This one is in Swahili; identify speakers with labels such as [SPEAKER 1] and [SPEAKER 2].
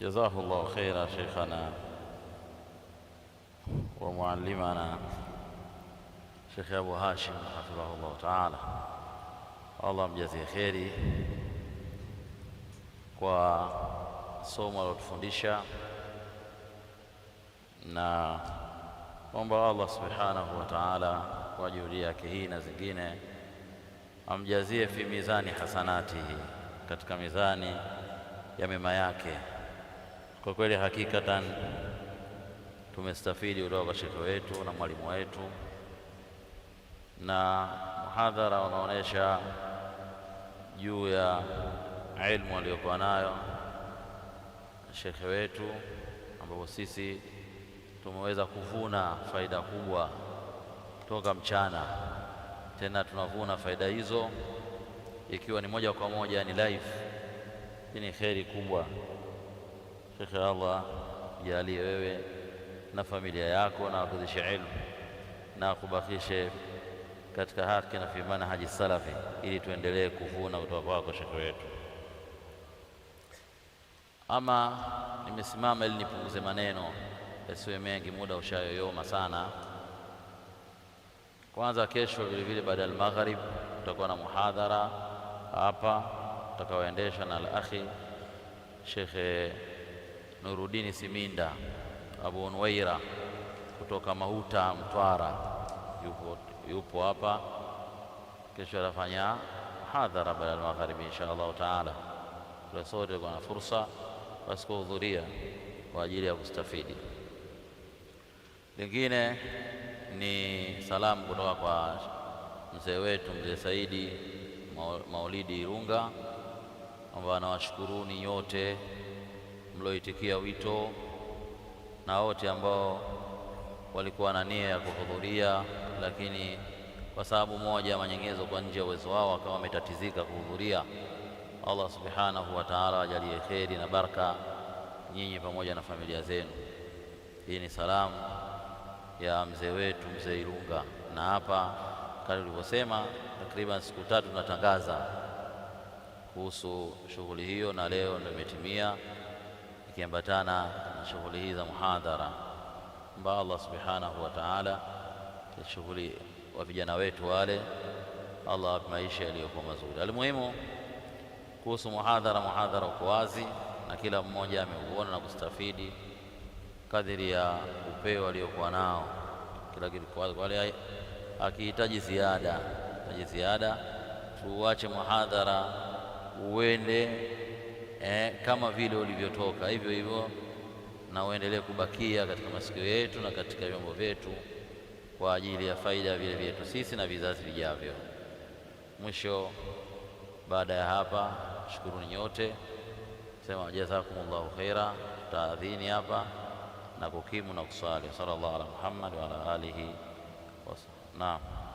[SPEAKER 1] Jazakallahu khaira sheikhana wa muallimana Sheikh Abu Hashim hafidhahullahu taala, Allah mjazie kheri kwa somo alotufundisha, na omba Allah subhanahu wa taala kwa juhudi yake hii na zingine amjazie fi mizani hasanatihi, katika mizani ya mema yake kwa kweli hakikatan tumestafidi kutoka kwa shekhe wetu na mwalimu wetu, na muhadhara unaonyesha juu ya elimu aliyokuwa nayo shekhe wetu, ambapo sisi tumeweza kuvuna faida kubwa toka mchana, tena tunavuna faida hizo ikiwa ni moja kwa moja, ni live. Hii ni kheri kubwa. Shekhe, Allah jalie wewe na familia yako na wakuzishe ilmu na akubakishe katika haki na fimana haji salafi, ili tuendelee kuvuna kutoka kwako shekhe wetu. Ama nimesimama ili nipunguze maneno yasiwe mengi, muda ushayoyoma sana. Kwanza kesho vilevile, baada ya almagharib, tutakuwa na muhadhara hapa utakaoendeshwa na al-akhi shekhe Nurudini Siminda, Abu Nuwaira kutoka Mahuta, Mtwara, yupo yupo hapa. Kesho atafanya hadhara baada ya magharibi insha Allahu taala. Sote kuna fursa basi kuhudhuria kwa ajili ya kustafidi. Lingine ni salamu kutoka kwa mzee wetu mzee Saidi Maulidi Irunga, kwamba anawashukuruni nyote mlioitikia wito na wote ambao walikuwa na nia ya kuhudhuria, lakini kwa sababu moja ama nyinginezo kwa nje ya uwezo wao wakawa wametatizika kuhudhuria. Allah subhanahu wa ta'ala ajalie kheri na baraka nyinyi pamoja na familia zenu. Hii ni salamu ya mzee wetu mzee Ilunga, na hapa kama ulivyosema, takriban siku tatu tunatangaza kuhusu shughuli hiyo na leo ndio imetimia ikiambatana na shughuli hii za muhadhara, mba Allah subhanahu wa ta'ala, shughuli wa vijana wetu wale, Allah awape maisha yaliyokuwa mazuri. Almuhimu kuhusu muhadhara, muhadhara uko wazi na kila mmoja ameuona na kustafidi kadiri ya upeo aliyokuwa nao, kila kitu kwa wale akihitaji ziada, hitaji ziada, tuache muhadhara uende eh, kama vile ulivyotoka hivyo hivyo, na uendelee kubakia katika masikio yetu na katika vyombo vyetu kwa ajili ya faida ya vile vyetu sisi na vizazi vijavyo. Mwisho, baada ya hapa, shukuruni nyote, sema jazakumullahu khaira, taadhini hapa na kukimu na kuswali. Sallallahu ala Muhammad wa ala alihi wasallam. Naam.